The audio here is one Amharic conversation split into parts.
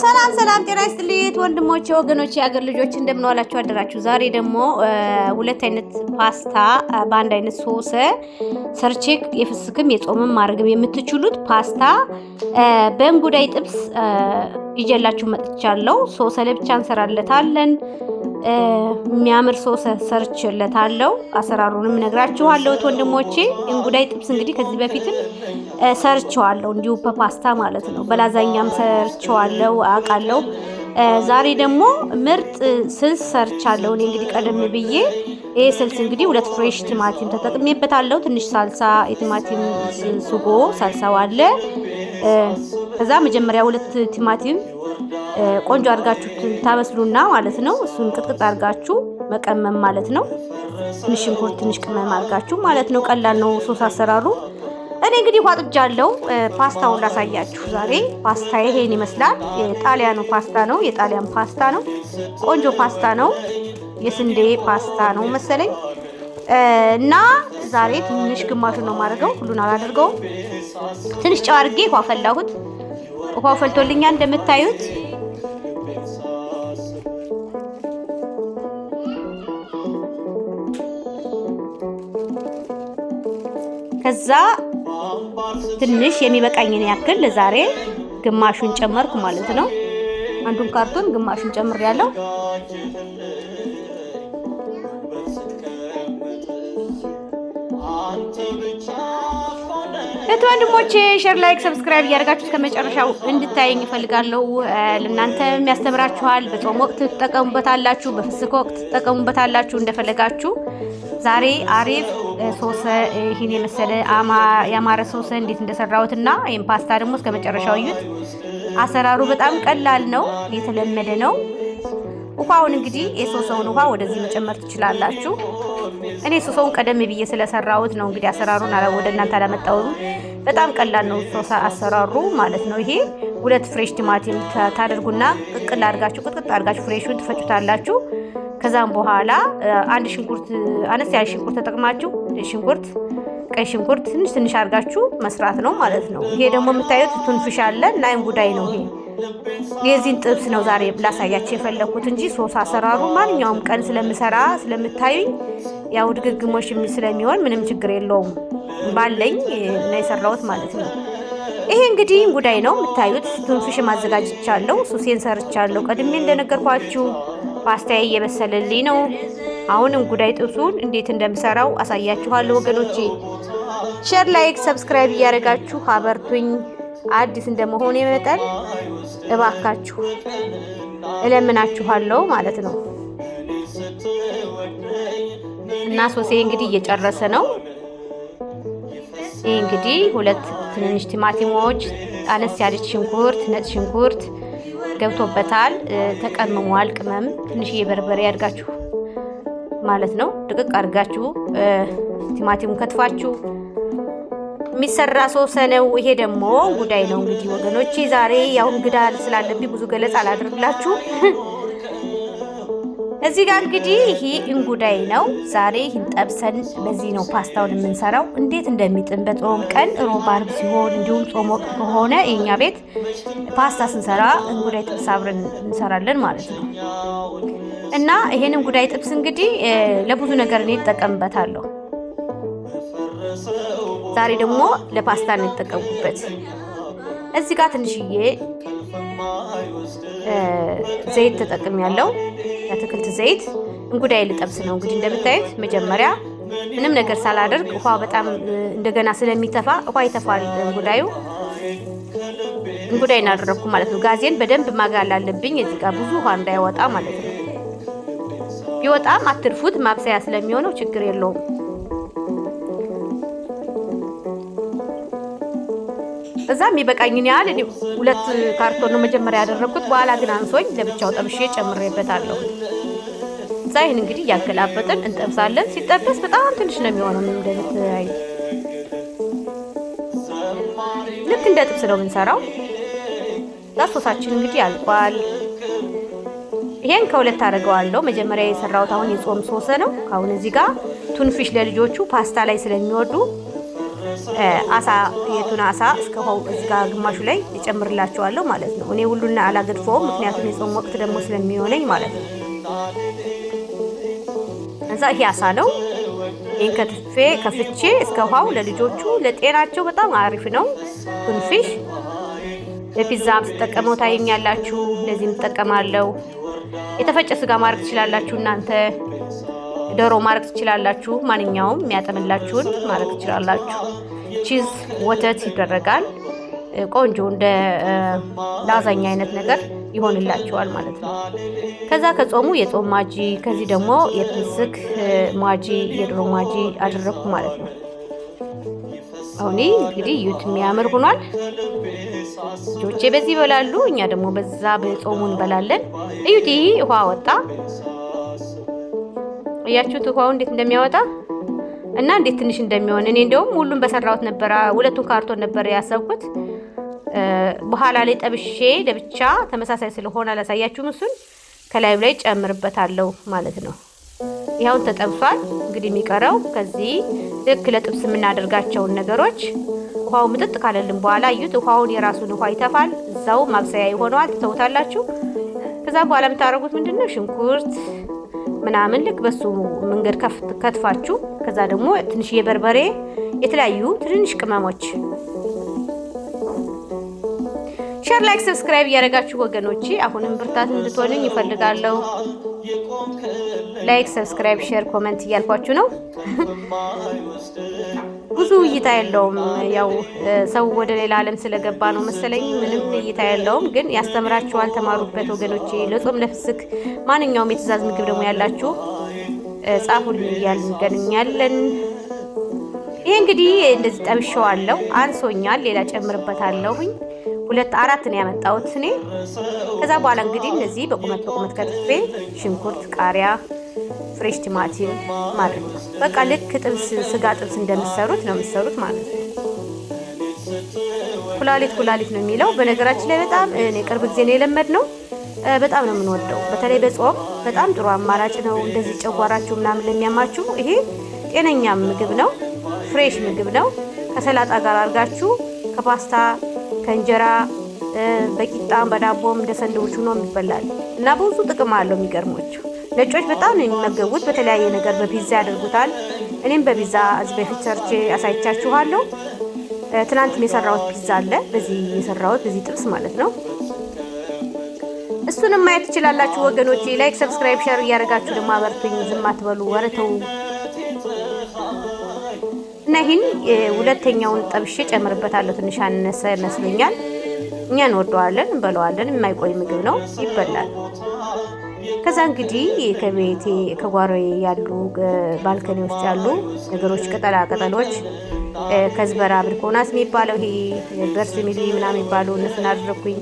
ሰላም ሰላም፣ ጤና ይስጥልኝ ወንድሞቼ፣ ወገኖቼ፣ የአገር ልጆች እንደምን ዋላችሁ አደራችሁ። ዛሬ ደግሞ ሁለት አይነት ፓስታ በአንድ አይነት ሶስ ሰርቼ የፍስክም የጾምም ማድረግም የምትችሉት ፓስታ በእንጉዳይ ጥብስ ይዤላችሁ መጥቻለሁ። ሶስ ለብቻ እንሰራለታለን፣ የሚያምር ሰው ሰርችለታለሁ። አሰራሩንም ነግራችኋለሁ ወንድሞቼ። እንጉዳይ ጥብስ እንግዲህ ከዚህ በፊትም ሰርችዋለሁ፣ እንዲሁ በፓስታ ማለት ነው። በላዛኛም ሰርችዋለሁ አውቃለሁ። ዛሬ ደግሞ ምርጥ ስልስ ሰርቻለሁ። እኔ እንግዲህ ቀደም ብዬ ይህ ስልስ እንግዲህ ሁለት ፍሬሽ ቲማቲም ተጠቅሜበታለሁ። ትንሽ ሳልሳ የቲማቲም ስጎ ሳልሳው አለ ከዛ መጀመሪያ ሁለት ቲማቲም ቆንጆ አድርጋችሁ ታበስሉና ማለት ነው። እሱን ቅጥቅጥ አድርጋችሁ መቀመም ማለት ነው። ትንሽ ሽንኩርት፣ ትንሽ ቅመም አድርጋችሁ ማለት ነው። ቀላል ነው ሶስ አሰራሩ። እኔ እንግዲህ ዋጥጃለሁ። ፓስታውን ላሳያችሁ ዛሬ። ፓስታ ይሄን ይመስላል። የጣሊያኑ ፓስታ ነው። የጣሊያን ፓስታ ነው። ቆንጆ ፓስታ ነው። የስንዴ ፓስታ ነው መሰለኝ። እና ዛሬ ትንሽ ግማሹን ነው የማደርገው፣ ሁሉን አላደርገውም። ትንሽ ጨው አድርጌ ውሃ ፈላሁት። ውሃው ፈልቶልኛል እንደምታዩት። ከዛ ትንሽ የሚበቃኝን ያክል ዛሬ ግማሹን ጨመርኩ ማለት ነው። አንዱን ካርቶን ግማሹን ጨምር ያለው እህት ወንድሞቼ ሼር፣ ላይክ፣ ሰብስክራይብ እያደረጋችሁ ከመጨረሻው እንድታየኝ እፈልጋለሁ። ለእናንተ የሚያስተምራችኋል። በጾም ወቅት ትጠቀሙበታላችሁ፣ በፍስክ ወቅት ትጠቀሙበታላችሁ፣ እንደፈለጋችሁ። ዛሬ አሪፍ ሶሰ ይህን የመሰለ ያማረ ሶሰ እንዴት እንደሰራሁት እና ይህም ፓስታ ደግሞ እስከመጨረሻው እዩት። አሰራሩ በጣም ቀላል ነው፣ የተለመደ ነው። ውሃውን እንግዲህ የሶሶውን ውሃ ወደዚህ መጨመር ትችላላችሁ። እኔ ሶሶውን ቀደም ብዬ ስለሰራሁት ነው እንግዲህ አሰራሩን ወደ እናንተ አላመጣሁም። በጣም ቀላል ነው ሶሳ አሰራሩ ማለት ነው። ይሄ ሁለት ፍሬሽ ቲማቲም ታደርጉና ቅቅል አድርጋችሁ ቅጥቅጥ አድርጋችሁ ፍሬሹን ትፈጩታላችሁ። ከዛም በኋላ አንድ ሽንኩርት አነስ ያለ ሽንኩርት ተጠቅማችሁ ሽንኩርት ቀይ ሽንኩርት ትንሽ ትንሽ አድርጋችሁ መስራት ነው ማለት ነው። ይሄ ደግሞ የምታዩት ቱንፍሽ አለ እና ጉዳይ ነው ይሄ የዚህን ጥብስ ነው ዛሬ ላሳያቸው የፈለግኩት እንጂ ሶስ አሰራሩ ማንኛውም ቀን ስለምሰራ ስለምታዩኝ ያው ድግግሞሽ ስለሚሆን ምንም ችግር የለውም። ባለኝ እና የሰራሁት ማለት ነው። ይሄ እንግዲህ እንጉዳይ ነው የምታዩት። ቱንፊሽ ማዘጋጅቻለሁ፣ ሱሴን ሰርቻለሁ። ቀድሜ እንደነገርኳችሁ ፓስታዬ እየበሰለልኝ ነው። አሁን እንጉዳይ ጥብሱን እንዴት እንደምሰራው አሳያችኋለሁ ወገኖቼ። ሼር፣ ላይክ፣ ሰብስክራይብ እያደረጋችሁ አበርቱኝ። አዲስ እንደመሆን የመጠን እባካችሁ እለምናችኋለሁ ማለት ነው። እና ሶሴ እንግዲህ እየጨረሰ ነው። ይህ እንግዲህ ሁለት ትንንሽ ቲማቲሞች፣ አነስ ያለች ሽንኩርት፣ ነጭ ሽንኩርት ገብቶበታል። ተቀምሟል ቅመም፣ ትንሽ በርበሬ አድርጋችሁ ማለት ነው። ድቅቅ አድርጋችሁ ቲማቲሙን ከትፋችሁ የሚሰራ ሶስ ነው። ይሄ ደግሞ ጉዳይ ነው እንግዲህ ወገኖች ዛሬ ያው እንግዳ ስላለብኝ ብዙ ገለጽ አላደርግላችሁ። እዚህ ጋር እንግዲህ ይሄ እንጉዳይ ነው። ዛሬ ይህን ጠብሰን በዚህ ነው ፓስታውን የምንሰራው። እንዴት እንደሚጥም በጾም ቀን ሮብ፣ ዓርብ ሲሆን እንዲሁም ጾም ወቅት ከሆነ የኛ ቤት ፓስታ ስንሰራ እንጉዳይ ጥብስ አብረን እንሰራለን ማለት ነው እና ይሄን እንጉዳይ ጥብስ እንግዲህ ለብዙ ነገር እኔ እጠቀምበታለሁ። ዛሬ ደግሞ ለፓስታ እንጠቀሙበት። እዚህ ጋር ትንሽዬ ዘይት ተጠቅም ያለው የአትክልት ዘይት እንጉዳይ ልጠብስ ነው። እንግዲህ እንደምታዩት መጀመሪያ ምንም ነገር ሳላደርግ ውሃ በጣም እንደገና ስለሚተፋ ውሃ ይተፋል እንጉዳዩ እንጉዳይ እናደረግኩ ማለት ነው። ጋዜን በደንብ ማጋል አለብኝ። እዚህ ጋር ብዙ ውሃ እንዳይወጣ ማለት ነው። ቢወጣም አትርፉት፣ ማብሰያ ስለሚሆነው ችግር የለውም። እዛ የበቃኝን ያህል ሁለት ካርቶን ነው መጀመሪያ ያደረግኩት። በኋላ ግን አንሶኝ ለብቻው ጠብሼ ጨምሬበታለሁ። እዛ ይህን እንግዲህ እያገላበጥን እንጠብሳለን። ሲጠበስ በጣም ትንሽ ነው የሚሆነው። እንደምትይ ልክ እንደ ጥብስ ነው የምንሰራው። ዳሶሳችን እንግዲህ አልቋል። ይሄን ከሁለት አድርገዋለሁ። መጀመሪያ የሰራሁት አሁን የጾም ሶስ ነው። አሁን እዚህ ጋር ቱንፊሽ ለልጆቹ ፓስታ ላይ ስለሚወዱ አሳ የቱን አሳ እስከ እዚጋ ግማሹ ላይ እጨምርላቸዋለሁ ማለት ነው። እኔ ሁሉና አላገድፈውም፣ ምክንያቱም የጾም ወቅት ደግሞ ስለሚሆነኝ ማለት ነው። እዛ ይሄ አሳ ነው። ይህን ከትፌ ከፍቼ እስከ ውሃው ለልጆቹ ለጤናቸው በጣም አሪፍ ነው። ኩንፊሽ ለፒዛ ስትጠቀመው ታየኛላችሁ። ለዚህም ትጠቀማለው። የተፈጨ ስጋ ማድረግ ትችላላችሁ እናንተ ዶሮ ማድረግ ትችላላችሁ። ማንኛውም የሚያጠምላችሁን ማድረግ ትችላላችሁ። ቺዝ ወተት ይደረጋል። ቆንጆ እንደ ላዛኛ አይነት ነገር ይሆንላችኋል ማለት ነው። ከዛ ከጾሙ የጾም ማጂ፣ ከዚህ ደግሞ የፍስክ ማጂ፣ የዶሮ ማጂ አደረግኩ ማለት ነው። አሁን እንግዲህ ዩት የሚያምር ሆኗል። ልጆቼ በዚህ ይበላሉ፣ እኛ ደግሞ በዛ በጾሙ እንበላለን። እዩት፣ ይህ ውሃ ወጣ። እያችሁት ውሃው እንዴት እንደሚያወጣ እና እንዴት ትንሽ እንደሚሆን። እኔ እንደውም ሁሉም በሰራሁት ነበረ፣ ሁለቱን ካርቶን ነበረ ያሰብኩት። በኋላ ላይ ጠብሼ ለብቻ ተመሳሳይ ስለሆነ አላሳያችሁም። እሱን ከላዩ ላይ ጨምርበታለሁ ማለት ነው። ይኸውን ተጠብሷል። እንግዲህ የሚቀረው ከዚህ ልክ ለጥብስ የምናደርጋቸውን ነገሮች ውሃው ምጥጥ ካለልን በኋላ እዩት። ውሃውን የራሱን ውሃ ይተፋል። እዛው ማብሰያ ይሆነዋል። ትተውታላችሁ። ከዛ በኋላ የምታደርጉት ምንድን ነው ሽንኩርት ምናምን ልክ በሱ መንገድ ከትፋችሁ ከዛ ደግሞ ትንሽ የበርበሬ የተለያዩ ትንንሽ ቅመሞች ሼር፣ ላይክ፣ ሰብስክራይብ እያደረጋችሁ ወገኖቼ አሁንም ብርታት እንድትሆንኝ ይፈልጋለሁ። ላይክ፣ ሰብስክራይብ፣ ሼር፣ ኮመንት እያልኳችሁ ነው። ብዙ እይታ የለውም። ያው ሰው ወደ ሌላ ዓለም ስለገባ ነው መሰለኝ ምንም እይታ የለውም። ግን ያስተምራችኋል፣ ተማሩበት ወገኖቼ። ለጾም ለፍስክ ማንኛውም የትእዛዝ ምግብ ደግሞ ያላችሁ ጻፉልን እያልን እንገናኛለን። ይህ እንግዲህ እንደዚህ ጠብሸዋለሁ፣ አንሶኛል። ሌላ ጨምርበታለሁኝ። ሁለት አራት ነው ያመጣሁት እኔ። ከዛ በኋላ እንግዲህ እነዚህ በቁመት በቁመት ከትፌ ሽንኩርት፣ ቃሪያ፣ ፍሬሽ ቲማቲም ማድረግ ነው። በቃ ልክ ጥብስ ስጋ ጥብስ እንደምሰሩት ነው የምሰሩት ማለት ነው። ኩላሊት ኩላሊት ነው የሚለው በነገራችን ላይ በጣም እኔ ቅርብ ጊዜ ነው የለመድ ነው። በጣም ነው የምንወደው። በተለይ በጾም በጣም ጥሩ አማራጭ ነው። እንደዚህ ጨጓራችሁ ምናምን ለሚያማችሁ ይሄ ጤነኛ ምግብ ነው፣ ፍሬሽ ምግብ ነው። ከሰላጣ ጋር አድርጋችሁ ከፓስታ ከእንጀራ በቂጣም በዳቦም እንደ ሰንደዊች ሆኖ ይበላል እና ብዙ ጥቅም አለው የሚገርሞችሁ ነጮች በጣም ነው የሚመገቡት። በተለያየ ነገር በፒዛ ያደርጉታል። እኔም በፒዛ እዚህ በፊት ሰርቼ አሳይቻችኋለሁ። ትናንት የሰራሁት ፒዛ አለ። በዚህ የሰራሁት በዚህ ጥብስ ማለት ነው። እሱንም ማየት ትችላላችሁ ወገኖቼ። ላይክ፣ ሰብስክራይብ፣ ሸር እያደረጋችሁ ደግሞ አበርቱኝ። ዝም አትበሉ፣ ወረተው እና ይህን ሁለተኛውን ጠብሼ ጨምርበታለሁ። ትንሽ አነሰ ይመስለኛል። እኛ እንወደዋለን፣ እንበለዋለን። የማይቆይ ምግብ ነው፣ ይበላል። ከዛ እንግዲህ ከቤቴ ከጓሮዬ ያሉ ባልከኒ ውስጥ ያሉ ነገሮች ቅጠላ ቅጠሎች ከዝበራ ብርኮናት የሚባለው ይሄ በርስ ሚሊ ምናምን የሚባለው እነሱን አድረኩኝ።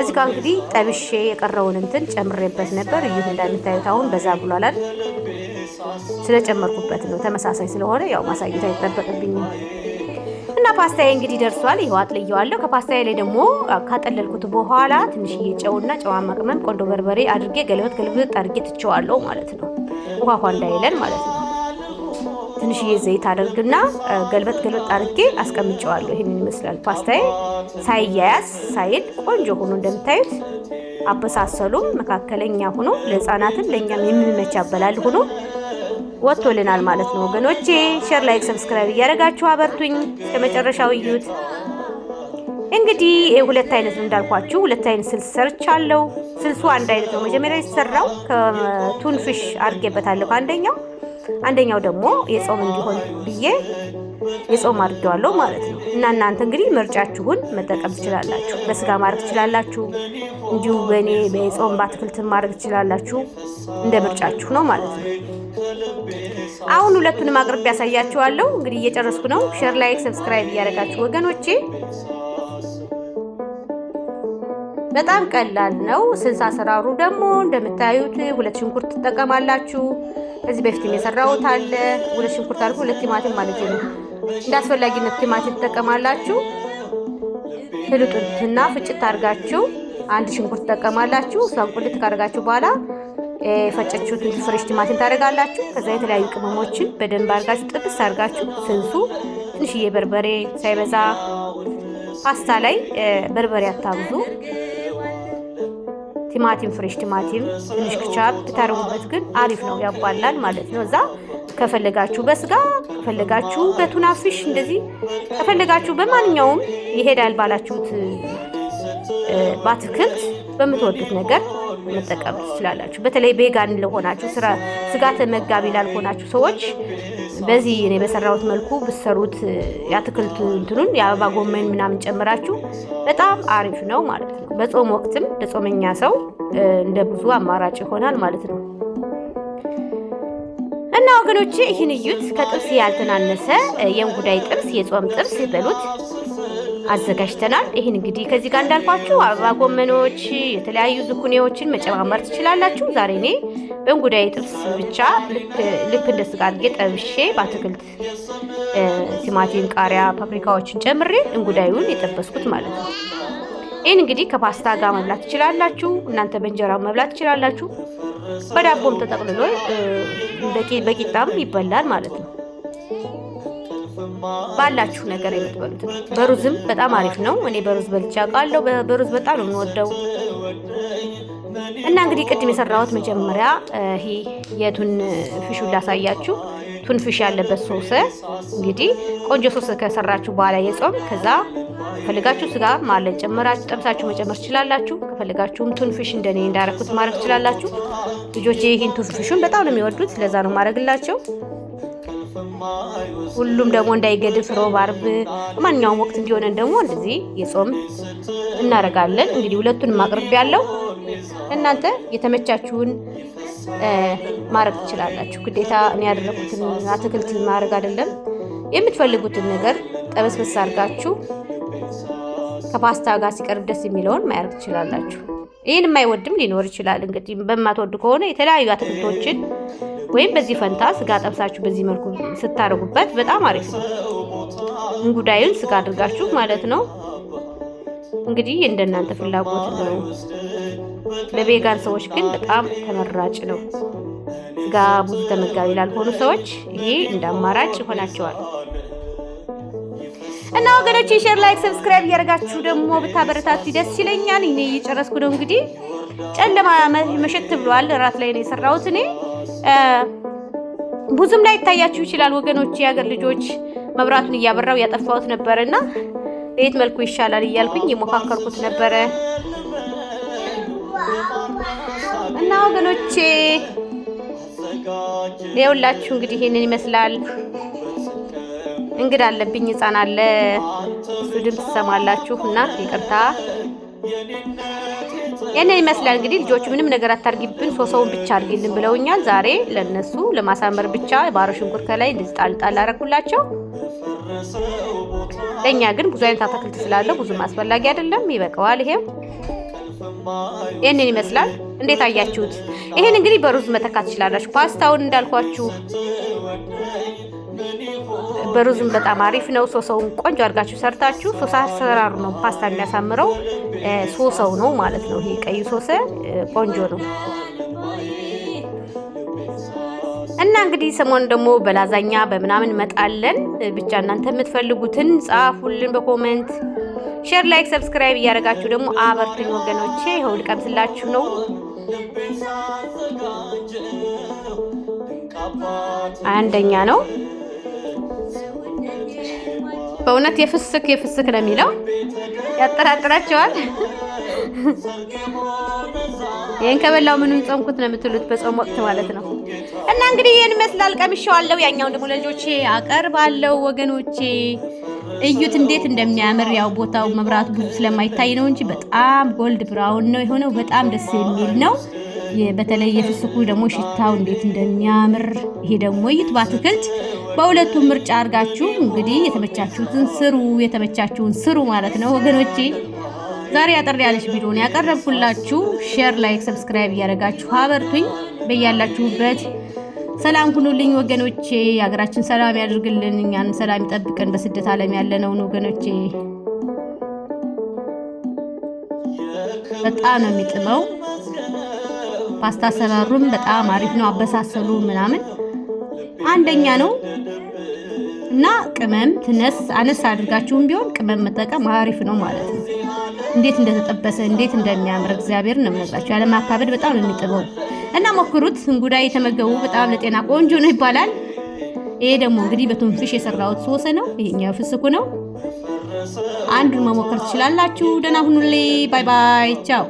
እዚህ ጋር እንግዲህ ጠብሼ የቀረውን እንትን ጨምሬበት ነበር። ይህ እንደምታዩት አሁን በዛ ብሏላል። ስለጨመርኩበት ነው ተመሳሳይ ስለሆነ ያው ማሳየት አይጠበቅብኝም። እና ፓስታዬ እንግዲህ ደርሷል። ይኸው አጥልየዋለሁ። ከፓስታዬ ላይ ደግሞ ካጠለልኩት በኋላ ትንሽዬ ጨውና ጨዋማ ቅመም፣ ቆንዶ በርበሬ አድርጌ ገልበት ገልበት አድርጌ ትቸዋለሁ ማለት ነው። ውሃ ውሃ እንዳይለን ማለት ነው። ትንሽዬ ዘይት አድርግና ገልበት ገልበት አድርጌ አስቀምጨዋለሁ። ይህን ይመስላል ፓስታዬ ሳይያያዝ ሳይል ቆንጆ ሆኖ እንደምታዩት አበሳሰሉም መካከለኛ ሆኖ ለሕፃናትም ለእኛም የምንመች አበላል ሆኖ ወጥቶልናል ማለት ነው ወገኖቼ። ሼር፣ ላይክ፣ ሰብስክራይብ እያደረጋችሁ አበርቱኝ። ከመጨረሻው እዩት። እንግዲህ ሁለት አይነት እንዳልኳችሁ፣ ሁለት አይነት ስልስ ሰርቻለሁ። ስልሱ አንድ አይነት ነው። መጀመሪያ የተሰራው ከቱንፍሽ አድርጌበታለሁ ከአንደኛው አንደኛው ደግሞ የጾም እንዲሆን ብዬ የጾም አድርጌዋለሁ ማለት ነው። እና እናንተ እንግዲህ ምርጫችሁን መጠቀም ትችላላችሁ። በስጋ ማድረግ ትችላላችሁ፣ እንዲሁ በእኔ በጾም በአትክልትን ማድረግ ትችላላችሁ። እንደ ምርጫችሁ ነው ማለት ነው። አሁን ሁለቱንም አቅርቤ ያሳያችኋለሁ። እንግዲህ እየጨረስኩ ነው። ሼር፣ ላይክ፣ ሰብስክራይብ እያደረጋችሁ ወገኖቼ በጣም ቀላል ነው። ስልስ አሰራሩ ደግሞ እንደምታዩት ሁለት ሽንኩርት ትጠቀማላችሁ። እዚህ በፊት የሰራሁት አለ። ሁለት ሽንኩርት አልኩ፣ ሁለት ቲማቲም ማለት ነው። እንደ አስፈላጊነት ቲማቲም ትጠቀማላችሁ። ትልጡትና ፍጭት አድርጋችሁ አንድ ሽንኩርት ትጠቀማላችሁ። እሷን ቁልት ካደርጋችሁ በኋላ የፈጨችሁትን ፍሬሽ ቲማቲም ታደርጋላችሁ። ከዛ የተለያዩ ቅመሞችን በደንብ አርጋችሁ ጥብስ አድርጋችሁ ስንሱ ትንሽዬ በርበሬ ሳይበዛ ፓስታ ላይ በርበሬ አታብዙ። ቲማቲም ፍሬሽ ቲማቲም ትንሽ ክቻብ ብታደርጉበት ግን አሪፍ ነው፣ ያባላል ማለት ነው። እዛ ከፈለጋችሁ በስጋ ከፈለጋችሁ በቱና ፊሽ እንደዚህ ከፈለጋችሁ በማንኛውም ይሄዳል ባላችሁት በአትክልት በምትወዱት ነገር መጠቀም ትችላላችሁ። በተለይ ቤጋን ለሆናችሁ ስራ ስጋ ተመጋቢ ላልሆናችሁ ሰዎች በዚህ እኔ በሰራሁት መልኩ ብሰሩት የአትክልት እንትኑን የአበባ ጎመን ምናምን ጨምራችሁ በጣም አሪፍ ነው ማለት ነው። በጾም ወቅትም ለጾመኛ ሰው እንደ ብዙ አማራጭ ይሆናል ማለት ነው። እና ወገኖቼ ይህን እዩት። ከጥብስ ያልተናነሰ የእንጉዳይ ጥብስ፣ የጾም ጥብስ ይበሉት። አዘጋጅተናል። ይህን እንግዲህ ከዚህ ጋር እንዳልኳችሁ አበባ ጎመኖች፣ የተለያዩ ዝኩኔዎችን መጨማመር ትችላላችሁ። ዛሬ እኔ በእንጉዳይ ጥብስ ብቻ ልክ እንደ ስጋ አድርጌ ጠብሼ በአትክልት ቲማቲም፣ ቃሪያ፣ ፓፕሪካዎችን ጨምሬ እንጉዳዩን የጠበስኩት ማለት ነው። ይህን እንግዲህ ከፓስታ ጋር መብላት ትችላላችሁ። እናንተ በእንጀራ መብላት ትችላላችሁ። በዳቦም ተጠቅልሎ በቂጣም ይበላል ማለት ነው። ባላችሁ ነገር የምትበሉት። በሩዝም በጣም አሪፍ ነው። እኔ በሩዝ በልቼ አውቃለሁ። በሩዝ በጣም ነው የምወደው። እና እንግዲህ ቅድም የሰራሁት መጀመሪያ ይሄ የቱን ፍሹ ላሳያችሁ። ቱን ፍሽ ያለበት ሶስ እንግዲህ ቆንጆ ሶስ ከሰራችሁ በኋላ የጾም ከዛ ከፈልጋችሁ ስጋ ማለት ጨምራችሁ ጠብሳችሁ መጨመር ትችላላችሁ። ከፈልጋችሁም ቱን ፍሽ እንደኔ እንዳረኩት ማድረግ ትችላላችሁ። ልጆች ይህን ቱን ፍሹን በጣም ነው የሚወዱት። ለዛ ነው ማድረግላቸው። ሁሉም ደግሞ እንዳይገድፍ ሮብ፣ አርብ ማንኛውም ወቅት እንዲሆነን ደግሞ እንደዚህ የጾም እናደርጋለን። እንግዲህ ሁለቱንም ማቅርብ ያለው እናንተ የተመቻችሁን ማድረግ ትችላላችሁ። ግዴታ እኔ ያደረኩትን አትክልት ማድረግ አይደለም። የምትፈልጉትን ነገር ጠበስበስ አድርጋችሁ ከፓስታ ጋር ሲቀርብ ደስ የሚለውን ማያርግ ትችላላችሁ። ይህን የማይወድም ሊኖር ይችላል። እንግዲህ በማትወዱ ከሆነ የተለያዩ አትክልቶችን ወይም በዚህ ፈንታ ስጋ ጠብሳችሁ በዚህ መልኩ ስታደርጉበት በጣም አሪፍ ነው። እንጉዳዩን ስጋ አድርጋችሁ ማለት ነው። እንግዲህ እንደናንተ ፍላጎት ነው። ለቬጋን ሰዎች ግን በጣም ተመራጭ ነው። ስጋ ብዙ ተመጋቢ ላልሆኑ ሰዎች ይሄ እንደ አማራጭ ይሆናቸዋል። እና ወገኖች ሼር፣ ላይክ፣ ሰብስክራይብ እያደረጋችሁ ደግሞ ብታበረታት ደስ ይለኛል። እኔ እየጨረስኩ ነው እንግዲህ ጨለማ መሸት ብሏል። እራት ላይ ነው የሰራሁት እኔ ብዙም ላይ ይታያችሁ ይችላል ወገኖች፣ የሀገር ልጆች መብራቱን እያበራው ያጠፋሁት ነበር እና ለየት መልኩ ይሻላል እያልኩኝ የሞካከርኩት ነበረ እና ወገኖቼ ይኸውላችሁ እንግዲህ ይሄንን ይመስላል። እንግዳ አለብኝ፣ ህፃን አለ፣ እሱ ድምፅ ትሰማላችሁ እና ይቅርታ ይህንን ይመስላል እንግዲህ ልጆቹ ምንም ነገር አታርጊብን ሶሰውን ብቻ አርጊልን ብለውኛል። ዛሬ ለነሱ ለማሳመር ብቻ ባሮ ሽንኩርት ከላይ እንደዚህ ጣል ጣል አረኩላቸው። ለእኛ ግን ብዙ አይነት አታክልት ስላለው ብዙም አስፈላጊ አይደለም፣ ይበቃዋል ይሄም ይህንን ይመስላል። እንዴት አያችሁት? ይሄን እንግዲህ በሩዝ መተካት ትችላላችሁ። ፓስታውን እንዳልኳችሁ በሩዝም በጣም አሪፍ ነው። ሶሰውን ቆንጆ አድርጋችሁ ሰርታችሁ ሶስ አሰራሩ ነው ፓስታ የሚያሳምረው ሶሰው ነው ማለት ነው። ይሄ ቀይ ሶሰ ቆንጆ ነው እና እንግዲህ ሰሞኑን ደግሞ በላዛኛ በምናምን መጣለን። ብቻ እናንተ የምትፈልጉትን ጻፉልን በኮመንት። ሼር፣ ላይክ፣ ሰብስክራይብ እያደረጋችሁ ደግሞ አበርቱኝ ወገኖቼ። ይኸው ልቀምስላችሁ ነው። አንደኛ ነው በእውነት የፍስክ የፍስክ ነው የሚለው ያጠራጥራቸዋል። ይህን ከበላው ምንም ጾምኩት ነው የምትሉት በጾም ወቅት ማለት ነው። እና እንግዲህ ይህን ይመስላል። ቀምሼዋለሁ። ያኛውን ደግሞ ለልጆቼ አቀርባለሁ ወገኖቼ። እዩት እንዴት እንደሚያምር ያው ቦታው መብራቱ ብዙ ስለማይታይ ነው እንጂ በጣም ጎልድ ብራውን ነው የሆነው። በጣም ደስ የሚል ነው። በተለይ የፍስኩ ደግሞ ሽታው እንዴት እንደሚያምር ይሄ ደግሞ እዩት። በአትክልት በሁለቱም ምርጫ አድርጋችሁ እንግዲህ የተመቻችሁትን ስሩ፣ የተመቻችሁን ስሩ ማለት ነው ወገኖቼ። ዛሬ አጠር ያለች ቪዲዮን ያቀረብኩላችሁ፣ ሼር፣ ላይክ፣ ሰብስክራይብ እያደረጋችሁ አበርቱኝ በያላችሁበት ሰላም ሁኑልኝ ወገኖቼ። ሀገራችን ሰላም ያድርግልን፣ እኛንም ሰላም ይጠብቀን። በስደት ዓለም ያለነውን ወገኖቼ በጣም ነው የሚጥመው። ፓስታ አሰራሩም በጣም አሪፍ ነው። አበሳሰሉ ምናምን አንደኛ ነው እና ቅመም ትነስ አነስ አድርጋችሁም ቢሆን ቅመም መጠቀም አሪፍ ነው ማለት ነው። እንዴት እንደተጠበሰ እንዴት እንደሚያምር እግዚአብሔር ነው የምነግራችሁ። ያለማካበድ በጣም ነው የሚጥመው። እና ሞክሩት። እንጉዳይ የተመገቡ በጣም ለጤና ቆንጆ ነው ይባላል። ይሄ ደግሞ እንግዲህ በቱንፊሽ የሰራሁት ሶስ ነው። ይሄኛው ፍስኩ ነው። አንዱን መሞከር ትችላላችሁ። ደህና ሁኑልኝ። ባይ ባይ። ቻው